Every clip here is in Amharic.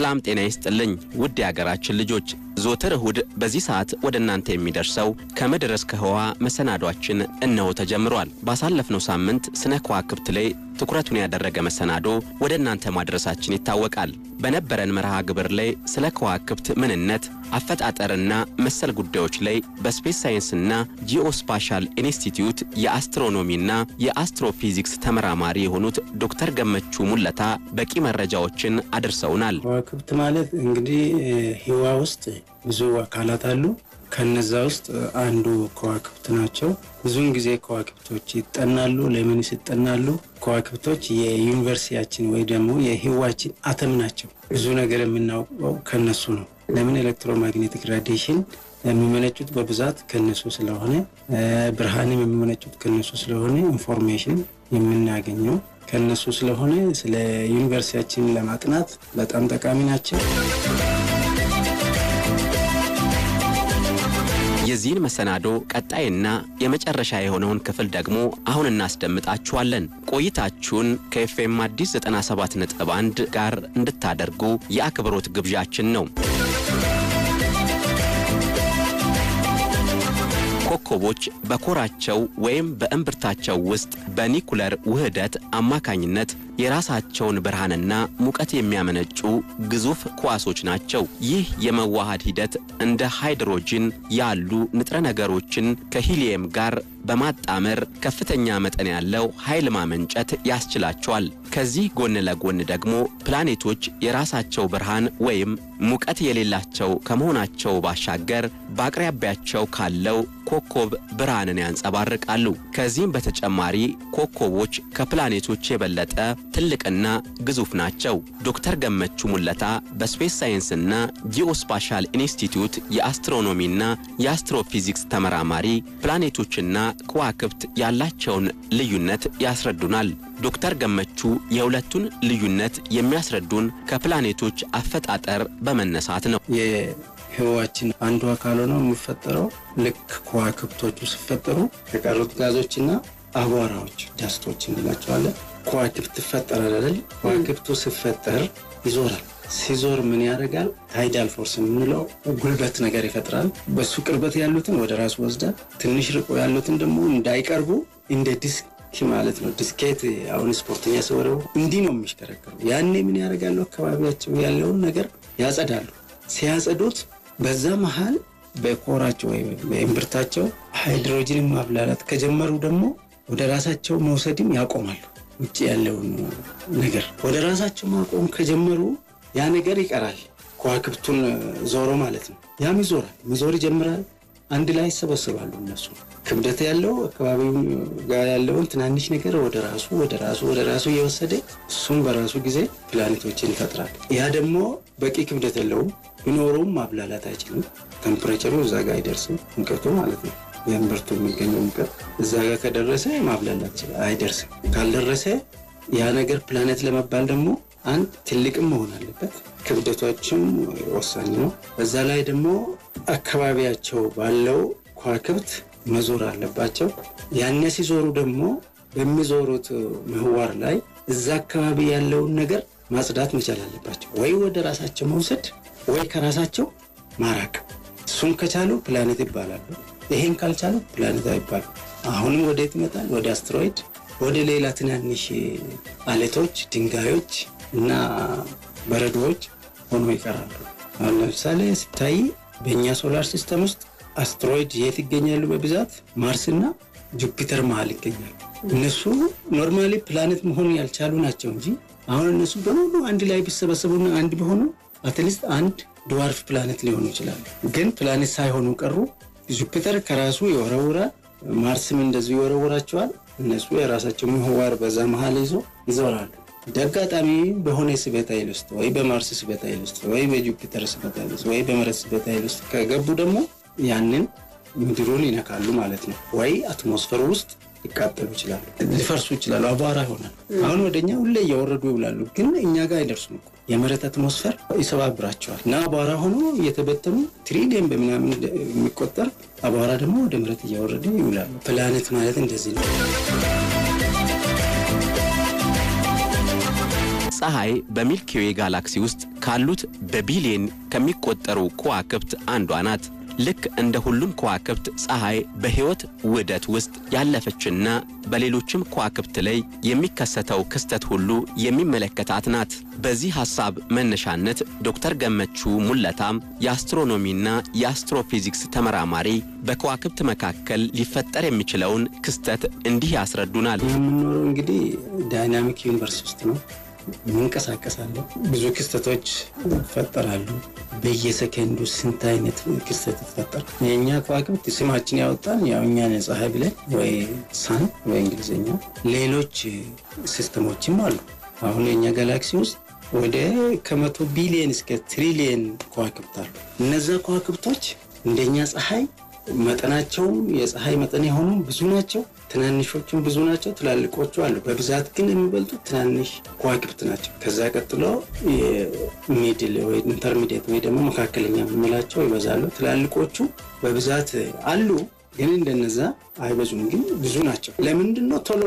ሰላም ጤና ይስጥልኝ ውድ የሀገራችን ልጆች፣ ዞትር እሁድ በዚህ ሰዓት ወደ እናንተ የሚደርሰው ከምድር እስከ ህዋ መሰናዷችን እነሆ ተጀምሯል። ባሳለፍነው ሳምንት ስነ ከዋክብት ላይ ትኩረቱን ያደረገ መሰናዶ ወደ እናንተ ማድረሳችን ይታወቃል። በነበረን መርሃ ግብር ላይ ስለ ከዋክብት ምንነት፣ አፈጣጠርና መሰል ጉዳዮች ላይ በስፔስ ሳይንስና ጂኦስፓሻል ኢንስቲትዩት የአስትሮኖሚና የአስትሮፊዚክስ ተመራማሪ የሆኑት ዶክተር ገመቹ ሙለታ በቂ መረጃዎችን አድርሰውናል። ከዋክብት ማለት እንግዲህ ህዋ ውስጥ ብዙ አካላት አሉ። ከነዛ ውስጥ አንዱ ከዋክብት ናቸው። ብዙውን ጊዜ ከዋክብቶች ይጠናሉ። ለምንስ ይጠናሉ? ከዋክብቶች የዩኒቨርሲቲያችን ወይ ደግሞ የህዋችን አተም ናቸው። ብዙ ነገር የምናውቀው ከነሱ ነው። ለምን ኤሌክትሮማግኔቲክ ራዲሽን የሚመነጩት በብዛት ከነሱ ስለሆነ፣ ብርሃንም የሚመነጩት ከነሱ ስለሆነ ኢንፎርሜሽን የምናገኘው ከነሱ ስለሆነ ስለ ዩኒቨርሲቲያችን ለማጥናት በጣም ጠቃሚ ናቸው። የዚህን መሰናዶ ቀጣይና የመጨረሻ የሆነውን ክፍል ደግሞ አሁን እናስደምጣችኋለን። ቆይታችሁን ከኤፍኤም አዲስ 97.1 ጋር እንድታደርጉ የአክብሮት ግብዣችን ነው። ኮከቦች በኮራቸው ወይም በእምብርታቸው ውስጥ በኒኩለር ውህደት አማካኝነት የራሳቸውን ብርሃንና ሙቀት የሚያመነጩ ግዙፍ ኳሶች ናቸው። ይህ የመዋሃድ ሂደት እንደ ሃይድሮጅን ያሉ ንጥረ ነገሮችን ከሂሊየም ጋር በማጣመር ከፍተኛ መጠን ያለው ኃይል ማመንጨት ያስችላቸዋል። ከዚህ ጎን ለጎን ደግሞ ፕላኔቶች የራሳቸው ብርሃን ወይም ሙቀት የሌላቸው ከመሆናቸው ባሻገር በአቅራቢያቸው ካለው ኮከብ ብርሃንን ያንጸባርቃሉ። ከዚህም በተጨማሪ ኮከቦች ከፕላኔቶች የበለጠ ትልቅና ግዙፍ ናቸው። ዶክተር ገመቹ ሙለታ በስፔስ ሳይንስና ጂኦስፓሻል ኢንስቲትዩት የአስትሮኖሚና የአስትሮፊዚክስ ተመራማሪ ፕላኔቶችና ከዋክብት ያላቸውን ልዩነት ያስረዱናል። ዶክተር ገመቹ የሁለቱን ልዩነት የሚያስረዱን ከፕላኔቶች አፈጣጠር በመነሳት ነው። ህዋችን አንዱ አካል ሆነው የሚፈጠረው ልክ ከዋክብቶቹ ሲፈጠሩ የቀሩት ጋዞችና አቧራዎች ዳስቶች እንላቸዋለን። ከዋክብት ይፈጠራል አይደል? ከዋክብቱ ሲፈጠር ይዞራል። ሲዞር ምን ያደርጋል? ታይዳል ፎርስ የምንለው ጉልበት ነገር ይፈጥራል። በሱ ቅርበት ያሉትን ወደ ራሱ ወስዳል። ትንሽ ርቆ ያሉትን ደግሞ እንዳይቀርቡ እንደ ዲስክ ማለት ነው። ዲስኬት አሁን ስፖርተኛ ሲወረቡ እንዲህ ነው የሚሽከረከሩ። ያኔ ምን ያደርጋሉ? አካባቢያቸው ያለውን ነገር ያጸዳሉ። ሲያጸዱት በዛ መሀል በኮራቸው ወይም በእምብርታቸው ሃይድሮጅን ማብላላት ከጀመሩ ደግሞ ወደ ራሳቸው መውሰድም ያቆማሉ። ውጭ ያለውን ነገር ወደ ራሳቸው ማቆም ከጀመሩ ያ ነገር ይቀራል። ከዋክብቱን ዞሮ ማለት ነው። ያም ይዞራል፣ መዞር ይጀምራል። አንድ ላይ ይሰበስባሉ እነሱ ክብደት ያለው አካባቢው ጋር ያለውን ትናንሽ ነገር ወደ ራሱ ወደ ራሱ ወደ ራሱ እየወሰደ እሱም በራሱ ጊዜ ፕላኔቶችን ይፈጥራል። ያ ደግሞ በቂ ክብደት የለውም፣ ቢኖረውም ማብላላት አይችልም። ተምፕሬቸሩ እዛ ጋር አይደርስም፣ ሙቀቱ ማለት ነው። የእምብርቱ የሚገኘው ሙቀት እዛ ጋር ከደረሰ ማብላላት አይደርስም። ካልደረሰ ያ ነገር ፕላኔት ለመባል ደግሞ አንድ ትልቅም መሆን አለበት። ክብደቶችም ወሳኝ ነው። በዛ ላይ ደግሞ አካባቢያቸው ባለው ከዋክብት መዞር አለባቸው። ያነ ሲዞሩ ደግሞ በሚዞሩት ምህዋር ላይ እዛ አካባቢ ያለውን ነገር ማጽዳት መቻል አለባቸው። ወይ ወደ ራሳቸው መውሰድ ወይ ከራሳቸው ማራቅ። እሱን ከቻሉ ፕላኔት ይባላሉ። ይሄን ካልቻሉ ፕላኔት አይባሉ። አሁንም የት ይመጣል? ወደ አስትሮይድ፣ ወደ ሌላ ትናንሽ አለቶች፣ ድንጋዮች እና በረዶዎች ሆኖ ይቀራሉ። አሁን ለምሳሌ ሲታይ በእኛ ሶላር ሲስተም ውስጥ አስትሮይድ የት ይገኛሉ? በብዛት ማርስና ጁፒተር መሀል ይገኛሉ። እነሱ ኖርማሊ ፕላኔት መሆን ያልቻሉ ናቸው እንጂ አሁን እነሱ በሙሉ አንድ ላይ ቢሰበሰቡና አንድ በሆኑ አትሊስት አንድ ድዋርፍ ፕላኔት ሊሆኑ ይችላሉ። ግን ፕላኔት ሳይሆኑ ቀሩ። ጁፒተር ከራሱ ይወረውራል፣ ማርስም እንደዚሁ ይወረውራቸዋል። እነሱ የራሳቸው ምህዋር በዛ መሀል ይዞ ይዞራሉ። እንዳጋጣሚ በሆነ ስበት ኃይል ውስጥ ወይ በማርስ ስበት ኃይል ውስጥ ወይ በጁፒተር ስበት ኃይል ውስጥ ወይ በመሬት ስበት ኃይል ውስጥ ከገቡ ደግሞ ያንን ምድሩን ይነካሉ ማለት ነው። ወይ አትሞስፈር ውስጥ ሊቃጠሉ ይችላሉ፣ ሊፈርሱ ይችላሉ፣ አቧራ ይሆናል። አሁን ወደኛ ሁሌ እያወረዱ ይውላሉ፣ ግን እኛ ጋር አይደርሱም። የመሬት አትሞስፈር ይሰባብራቸዋል እና አቧራ ሆኖ እየተበተኑ ትሪሊየን በምናምን የሚቆጠር አቧራ ደግሞ ወደ መሬት እያወረደ ይውላሉ። ፕላኔት ማለት እንደዚህ ነው። ፀሐይ በሚልኪዌ ጋላክሲ ውስጥ ካሉት በቢሊየን ከሚቆጠሩ ከዋክብት አንዷ ናት። ልክ እንደ ሁሉም ከዋክብት ፀሐይ በሕይወት ውህደት ውስጥ ያለፈችና በሌሎችም ከዋክብት ላይ የሚከሰተው ክስተት ሁሉ የሚመለከታት ናት። በዚህ ሐሳብ መነሻነት ዶክተር ገመቹ ሙለታም የአስትሮኖሚና የአስትሮፊዚክስ ተመራማሪ በከዋክብት መካከል ሊፈጠር የሚችለውን ክስተት እንዲህ ያስረዱናል። የምንኖረው እንግዲህ ዳይናሚክ ዩኒቨርስ ውስጥ ነው። እንንቀሳቀሳለሁ። ብዙ ክስተቶች ይፈጠራሉ። በየሰከንዱ ስንት አይነት ክስተት ይፈጠራል። የእኛ ከዋክብት ስማችን ያወጣን ያው እኛን ፀሐይ ብለን ወይ ሳን ወይ እንግሊዝኛ። ሌሎች ሲስተሞችም አሉ። አሁን የእኛ ጋላክሲ ውስጥ ወደ ከመቶ ቢሊየን እስከ ትሪሊየን ከዋክብት አሉ። እነዛ ከዋክብቶች እንደኛ ፀሐይ መጠናቸውም የፀሐይ መጠን የሆኑ ብዙ ናቸው። ትናንሾችም ብዙ ናቸው፣ ትላልቆቹ አሉ። በብዛት ግን የሚበልጡት ትናንሽ ከዋክብት ናቸው። ከዛ ቀጥሎ ሚድል ወይ ኢንተርሚዲየት ወይ ደግሞ መካከለኛ የምንላቸው ይበዛሉ። ትላልቆቹ በብዛት አሉ ግን እንደነዛ አይበዙም፣ ግን ብዙ ናቸው። ለምንድን ነው? ቶሎ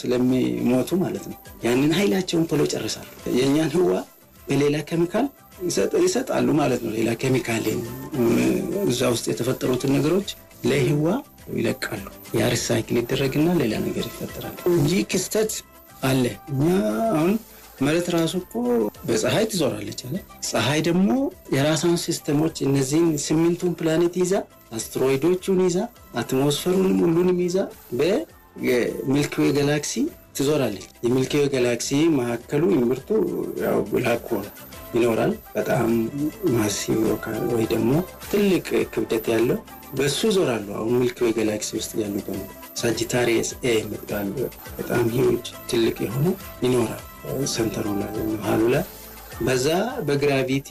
ስለሚሞቱ ማለት ነው። ያንን ኃይላቸውን ቶሎ ይጨርሳሉ። የእኛን ህዋ በሌላ ኬሚካል ይሰጣሉ ማለት ነው። ሌላ ኬሚካል እዛ ውስጥ የተፈጠሩትን ነገሮች ለህዋ ይለቃሉ። ያ ሪሳይክል ይደረግና ሌላ ነገር ይፈጠራል እንጂ ክስተት አለ። እኛ አሁን መሬት ራሱ እኮ በፀሐይ ትዞራለች አለ። ፀሐይ ደግሞ የራሳን ሲስተሞች እነዚህን ስምንቱን ፕላኔት ይዛ አስትሮይዶቹን ይዛ አትሞስፈሩንም ሁሉንም ይዛ በሚልኪዌ ጋላክሲ ትዞራለች። የሚልክዌ ጋላክሲ መካከሉ ምርቱ ያው ብላክ ሆል ይኖራል። በጣም ማሲቭ ወይ ደግሞ ትልቅ ክብደት ያለው በሱ ይዞራሉ። አሁን ሚልክ ወይ ጋላክሲ ውስጥ ያሉ ደግሞ ሳጂታሪየስ ኤ የምትባል በጣም ሂውጅ ትልቅ የሆነ ይኖራል ሰንተሩ ላይ መሀሉ ላይ በዛ በግራቪቲ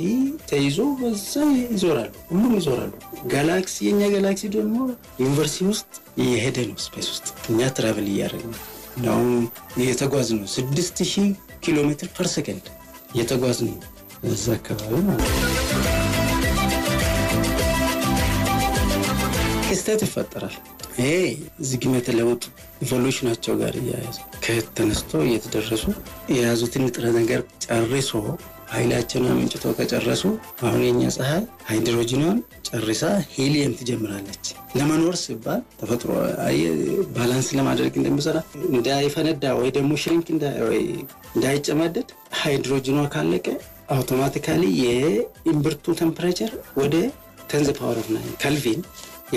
ተይዞ በዛ ይዞራሉ። ሁሉም ይዞራሉ። ጋላክሲ የኛ ጋላክሲ ደግሞ ዩኒቨርሲቲ ውስጥ የሄደ ነው። ስፔስ ውስጥ እኛ ትራቭል እያደረግ ነው። አሁን እየተጓዝ ነው። ስድስት ሺህ ኪሎ ሜትር ፐር ሰከንድ እየተጓዝ ነው። እዛ አካባቢ ማለት ነው ክስተት ይፈጠራል። ይሄ ዝግመተ ለውጥ ኢቮሉሽናቸው ጋር እያያዙ ከየት ተነስቶ እየተደረሱ የያዙትን ንጥረ ነገር ጨርሶ ኃይላቸውን አምንጭቶ ከጨረሱ አሁን የኛ ፀሐይ ሃይድሮጂኗን ጨርሳ ሄሊየም ትጀምራለች። ለመኖር ሲባል ተፈጥሮ ባላንስ ለማድረግ እንደሚሰራ እንዳይፈነዳ ወይ ደግሞ ሽሪንክ እንዳይጨማደድ ሃይድሮጂኗ ካለቀ አውቶማቲካሊ የእምብርቱ ቴምፕሬቸር ወደ ተንዝ ፓወር ኦፍ ናይን ከልቪን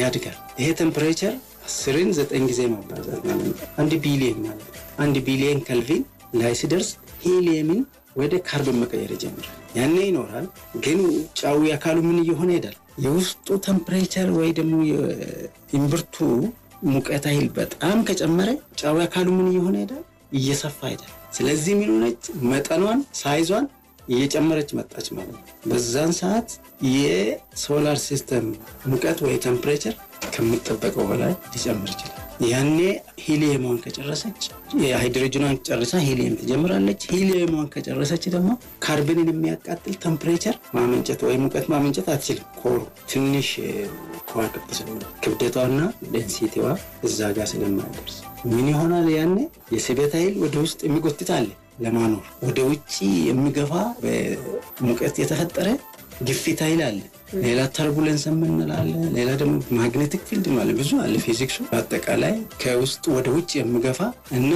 ያድጋል። ይሄ ቴምፕሬቸር አስርን ዘጠኝ ጊዜ ማባዛት ማለት ነው። አንድ ቢሊየን ማለት ነው። አንድ ቢሊየን ከልቪን ላይ ሲደርስ ሂሊየምን ወደ ካርቦን መቀየር ይጀምራል። ያኔ ይኖራል፣ ግን ጫዊ አካሉ ምን እየሆነ ይሄዳል? የውስጡ ቴምፕሬቸር ወይ ደግሞ የእምብርቱ ሙቀት ኃይል በጣም ከጨመረ ጫዊ አካሉ ምን እየሆነ ይሄዳል? እየሰፋ ይሄዳል። ስለዚህ ምን ሆነች መጠኗን ሳይዟን እየጨመረች መጣች ማለት ነው። በዛን ሰዓት የሶላር ሲስተም ሙቀት ወይ ቴምፕሬቸር ከምጠበቀው በላይ ሊጨምር ይችላል። ያኔ ሂሊየሟን ከጨረሰች የሃይድሮጅኗን ጨርሳ ሂሊየም ትጀምራለች። ሂሊየሟን ከጨረሰች ደግሞ ካርብንን የሚያቃጥል ቴምፕሬቸር ማመንጨት ወይ ሙቀት ማመንጨት አትችልም። ኮሩ ትንሽ ከዋክብት ስለሆነ ክብደቷና ደንሲቲዋ እዛ ጋር ስለማያደርስ ምን ይሆናል ያኔ? የስበት ኃይል ወደ ውስጥ የሚጎትት አለ ለማኖር ወደ ውጭ የሚገፋ በሙቀት የተፈጠረ ግፊት ኃይል አለ። ሌላ ተርቡለንስ የምንላለ ሌላ ደግሞ ማግኔቲክ ፊልድ ማለ ብዙ አለ። ፊዚክሱ በአጠቃላይ ከውስጥ ወደ ውጭ የሚገፋ እና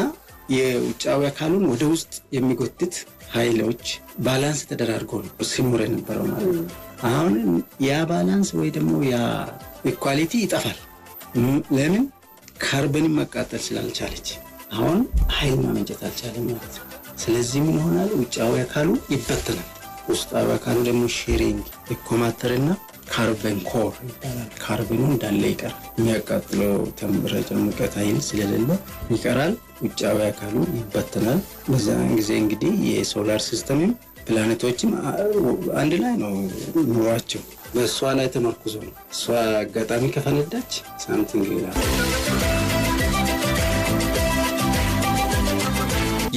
የውጫዊ አካሉን ወደ ውስጥ የሚጎትት ኃይሎች ባላንስ ተደራርጎ ነው ሲኖር የነበረው ማለት ነው። አሁን ያ ባላንስ ወይ ደግሞ ያ ኢኳሊቲ ይጠፋል። ለምን ካርበንን ማቃጠል ስላልቻለች አሁን ኃይል ማመንጨት አልቻለም ማለት ነው። ስለዚህ ምን ይሆናል? ውጫዊ አካሉ ይበተናል። ውስጣዊ አካሉ ደግሞ ሼሪንግ ይኮማተርና ካርበን ኮር ይባላል። ካርበኑ እንዳለ ይቀራል። የሚያቃጥለው ተምረጨ ሙቀት ኃይል ስለሌለ ይቀራል። ውጫዊ አካሉ ይበተናል። በዛን ጊዜ እንግዲህ የሶላር ሲስተምም ፕላኔቶችም አንድ ላይ ነው ኑሯቸው። በእሷ ላይ ተመርኩዞ ነው። እሷ አጋጣሚ ከፈነዳች ሳምቲንግ ይላል።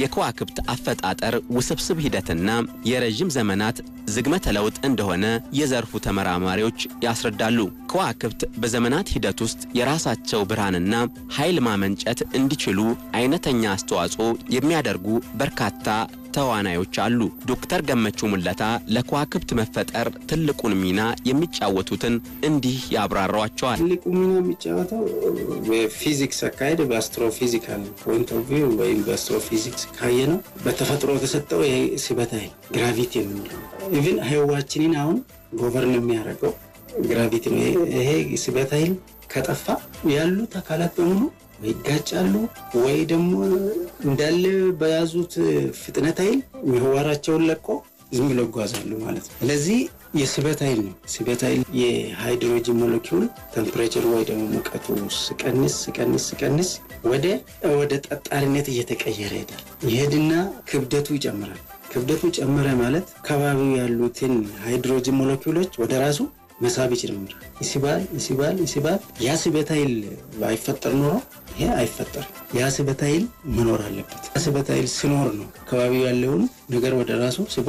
የከዋክብት አፈጣጠር ውስብስብ ሂደትና የረዥም ዘመናት ዝግመተ ለውጥ እንደሆነ የዘርፉ ተመራማሪዎች ያስረዳሉ። ከዋክብት በዘመናት ሂደት ውስጥ የራሳቸው ብርሃንና ኃይል ማመንጨት እንዲችሉ አይነተኛ አስተዋጽኦ የሚያደርጉ በርካታ ተዋናዮች አሉ። ዶክተር ገመቹ ሙለታ ለከዋክብት መፈጠር ትልቁን ሚና የሚጫወቱትን እንዲህ ያብራሯቸዋል። ትልቁ ሚና የሚጫወተው በፊዚክስ አካሄድ በአስትሮፊዚካል ፖይንት ኦፍ ቪው ወይም በአስትሮፊዚክስ ካየ ነው። በተፈጥሮ ተሰጠው ይሄ ስበት ኃይል ግራቪቲ የምንለው ኢቭን ህዋችንን አሁን ጎቨርን የሚያደርገው ግራቪቲ ነው። ይሄ ስበት ኃይል ከጠፋ ያሉት አካላት በሙሉ ይጋጫሉ ወይ ደግሞ እንዳለ በያዙት ፍጥነት ኃይል ምህዋራቸውን ለቆ ዝም ብለው ይጓዛሉ ማለት ነው። ስለዚህ የስበት ኃይል ነው። ስበት ኃይል የሃይድሮጂን ሞለኪውል ተምፕሬቸር ወይ ደግሞ ሙቀቱ ስቀንስ ስቀንስ ስቀንስ ወደ ወደ ጠጣሪነት እየተቀየረ ይሄዳል። ይሄድና ክብደቱ ይጨምራል። ክብደቱ ጨመረ ማለት ከባቢው ያሉትን ሃይድሮጂን ሞለኪውሎች ወደ ራሱ መሳብ ይጭምር ይስባል ይስባል ይስባል። ያ ስበት ኃይል አይፈጠር ኖሮ ይሄ አይፈጠርም። ያ ኃይል መኖር አለበት። ያ ኃይል ሲኖር ነው አካባቢ ያለውን ነገር ወደ ራሱ ስቦ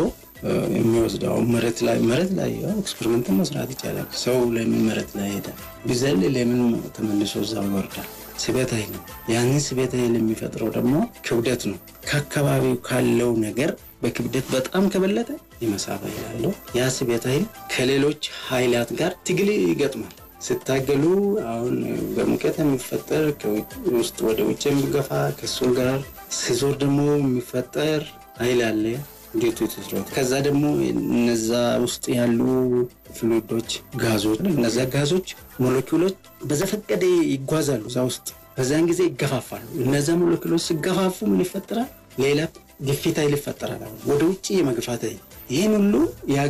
የሚወስደው። መሬት ላይ መሬት ላይ ኤክስፐሪመንት መስራት ይቻላል። ሰው ለምን መሬት ላይ ሄዳል? ቢዘል ለምን ተመልሶ እዛው ይወርዳል? ስበት ኃይል ነው። ያንን ስበት ኃይል የሚፈጥረው ደግሞ ክብደት ነው። ከአካባቢው ካለው ነገር በክብደት በጣም ከበለጠ ይመሳባ ኃይል አለው። ያ ስቤት ኃይል ከሌሎች ኃይላት ጋር ትግል ይገጥማል። ስታገሉ አሁን በሙቀት የሚፈጠር ውስጥ ወደ ውጭ የሚገፋ ከሱ ጋር ስዞር ደግሞ የሚፈጠር ኃይል አለ። እንዴቱ የተስረት ከዛ ደግሞ እነዛ ውስጥ ያሉ ፍሉዶች ጋዞች፣ እነዛ ጋዞች ሞለኪውሎች በዘፈቀደ ይጓዛሉ እዛ ውስጥ በዛን ጊዜ ይገፋፋሉ። እነዛ ሞለኪውሎች ሲገፋፉ ምን ይፈጠራል? ሌላ ግፊት ኃይል ይፈጠራል። ወደ ውጭ የመግፋት ኃይል ይህን ሁሉ ያ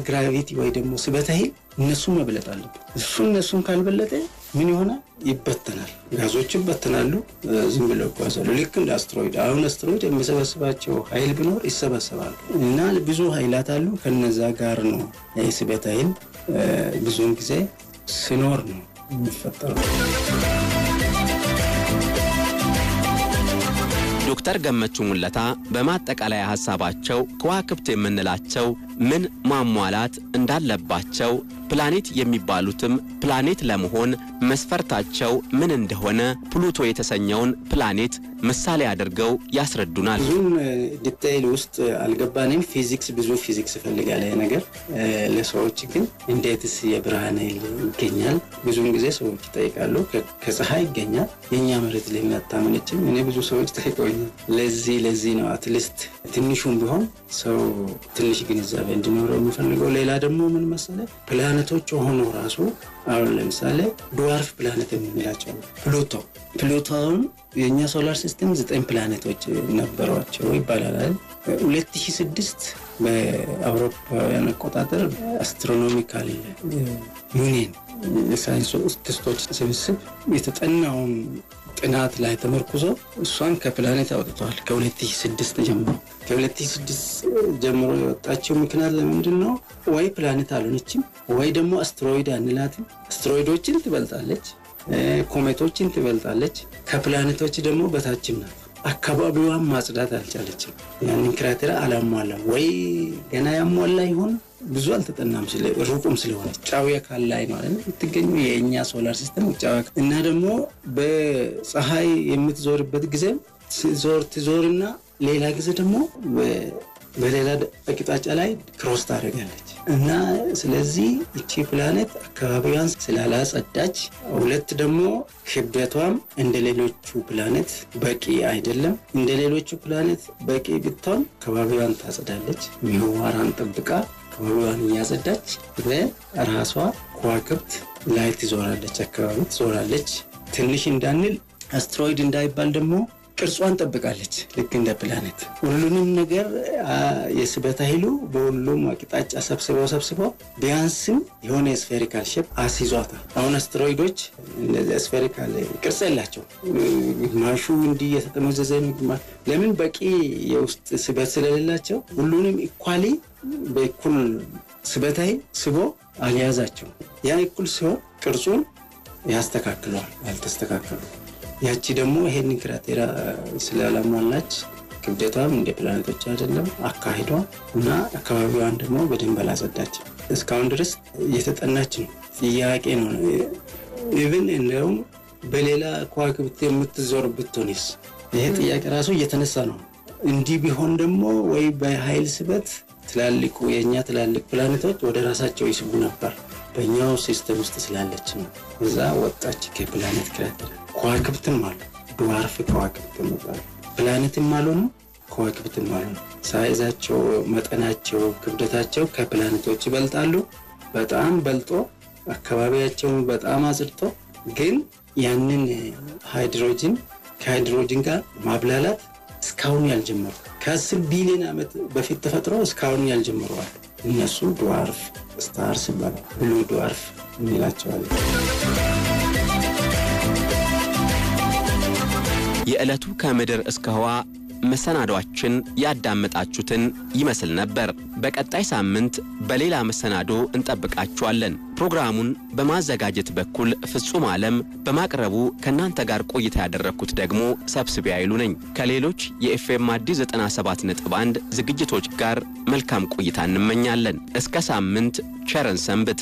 ወይ ደግሞ ስበት ኃይል እነሱ መብለጥ አለበት። እሱ እነሱን ካልበለጠ ምን ይሆናል? ይበተናል። ጋዞች ይበተናሉ፣ ዝም ብለው ይጓዛሉ። ልክ እንደ አስትሮይድ። አሁን አስትሮይድ የሚሰበስባቸው ኃይል ቢኖር ይሰበሰባሉ። እና ብዙ ኃይላት አሉ። ከነዛ ጋር ነው የስበት ኃይል ብዙውን ጊዜ ሲኖር ነው የሚፈጠረው። ዶክተር ገመቹ ሙለታ በማጠቃለያ ሀሳባቸው ከዋክብት የምንላቸው ምን ማሟላት እንዳለባቸው ፕላኔት የሚባሉትም ፕላኔት ለመሆን መስፈርታቸው ምን እንደሆነ ፕሉቶ የተሰኘውን ፕላኔት ምሳሌ አድርገው ያስረዱናል። ብዙም ዲታይል ውስጥ አልገባንም። ፊዚክስ ብዙ ፊዚክስ ፈልጋለ ነገር ለሰዎች ግን እንዴትስ የብርሃን ኃይል ይገኛል? ብዙውን ጊዜ ሰዎች ይጠይቃሉ። ከፀሐይ ይገኛል የእኛ መሬት ላይ አታመነጭም? እኔ ብዙ ሰዎች ጠይቀውኛል። ለዚህ ለዚህ ነው አትሊስት ትንሹም ቢሆን ሰው ትንሽ ግንዛቤ ግንዛቤ እንዲኖረው የሚፈልገው ሌላ ደግሞ ምን መሰለ ፕላኔቶች ሆኖ ራሱ አሁን ለምሳሌ ድዋርፍ ፕላኔት የምንላቸው ፕሉቶ ፕሉቶውን የእኛ ሶላር ሲስተም ዘጠኝ ፕላኔቶች ነበሯቸው ይባላል። ስድስት በአውሮፓውያን አቆጣጠር አስትሮኖሚካል ዩኒየን የሳይንስ ክስቶች ስብስብ የተጠናውን ጥናት ላይ ተመርኩዞ እሷን ከፕላኔት አውጥተዋል። ከ2006 ጀምሮ ከ2006 ጀምሮ የወጣችው ምክንያት ለምንድን ነው? ወይ ፕላኔት አልሆነችም፣ ወይ ደግሞ አስትሮይድ አንላትም። አስትሮይዶችን ትበልጣለች፣ ኮሜቶችን ትበልጣለች። ከፕላኔቶች ደግሞ በታችም ናት። አካባቢዋን ማጽዳት አልቻለችም። ያንን ክራቴራ አላሟላም። ወይ ገና ያሟላ ይሆን ብዙ አልተጠናም ስለ ሩቁም ስለሆነ ጫዊ አካል ላይ ነው ነው የምትገኙ የእኛ ሶላር ሲስተም ጫዊ እና ደግሞ በፀሐይ የምትዞርበት ጊዜ ዞር ትዞርና ሌላ ጊዜ ደግሞ በሌላ አቅጣጫ ላይ ክሮስ ታደርጋለች እና ስለዚህ እቺ ፕላኔት አካባቢዋን ስላላጸዳች፣ ሁለት ደግሞ ክብደቷም እንደ ሌሎቹ ፕላኔት በቂ አይደለም። እንደ ሌሎቹ ፕላኔት በቂ ብትሆን አካባቢዋን ታጸዳለች፣ ምህዋራን ጠብቃ ሙሏን እያጸዳች በራሷ ከዋክብት ላይ ትዞራለች፣ አካባቢ ትዞራለች። ትንሽ እንዳንል አስትሮይድ እንዳይባል ደግሞ ቅርጿን ጠብቃለች። ልክ እንደ ፕላኔት ሁሉንም ነገር የስበት ኃይሉ በሁሉም አቅጣጫ ሰብስበው ሰብስበው ቢያንስም የሆነ ስፌሪካል ሼፕ አስይዟታል። አሁን አስትሮይዶች እንደዚህ ስፌሪካል ቅርጽ የላቸው፣ ግማሹ እንዲህ የተጠመዘዘ ለምን በቂ የውስጥ ስበት ስለሌላቸው ሁሉንም ኢኳሊ በኩል ስበታይ ስቦ አልያዛቸው። ያ እኩል ሲሆን ቅርጹን ያስተካክለዋል። ያልተስተካከሉ ያቺ ደግሞ ይሄን ክራቴራ ስላላሟላች ክብደቷም እንደ ፕላኔቶች አይደለም አካሂዷ እና አካባቢዋን ደግሞ በደንብ አላጸዳች። እስካሁን ድረስ እየተጠናች ነው። ጥያቄ ነው። ኢቭን እንደውም በሌላ ከዋክብት የምትዞር ብትሆንስ? ይሄ ጥያቄ ራሱ እየተነሳ ነው። እንዲህ ቢሆን ደግሞ ወይ በኃይል ስበት ትላልቁ የእኛ ትላልቅ ፕላኔቶች ወደ ራሳቸው ይስቡ ነበር። በእኛው ሲስተም ውስጥ ስላለች ነው። እዛ ወጣች ከፕላኔት ክረት ከዋክብትም አሉ፣ ድዋርፍ ከዋክብት ፕላኔትም አልሆኑ ከዋክብትም አልሆኑ። ሳይዛቸው፣ መጠናቸው፣ ክብደታቸው ከፕላኔቶች ይበልጣሉ። በጣም በልጦ አካባቢያቸውን በጣም አጽድቶ ግን ያንን ሃይድሮጅን ከሃይድሮጅን ጋር ማብላላት እስካሁን ያልጀመሩ ከአስር ቢሊዮን ዓመት በፊት ተፈጥሮ እስካሁን ያልጀምረዋል። እነሱ ድዋርፍ ስታርስ ይባላል። ብሉ ድዋርፍ እንላቸዋለን። የዕለቱ ከምድር እስከ ህዋ መሰናዷችን ያዳመጣችሁትን ይመስል ነበር። በቀጣይ ሳምንት በሌላ መሰናዶ እንጠብቃችኋለን። ፕሮግራሙን በማዘጋጀት በኩል ፍጹም ዓለም፣ በማቅረቡ ከእናንተ ጋር ቆይታ ያደረግኩት ደግሞ ሰብስቤ አይሉ ነኝ። ከሌሎች የኤፍኤም አዲስ 97 ነጥብ 1 ዝግጅቶች ጋር መልካም ቆይታ እንመኛለን። እስከ ሳምንት ቸረን ሰንብት።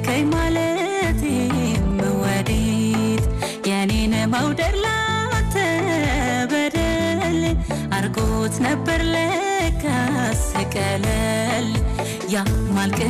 ናፍቀኝ ማለት መወዴት የኔን መውደድ ላንተ በደል አርጎት ነበር ለካስ ቀለል ያ ማልቀ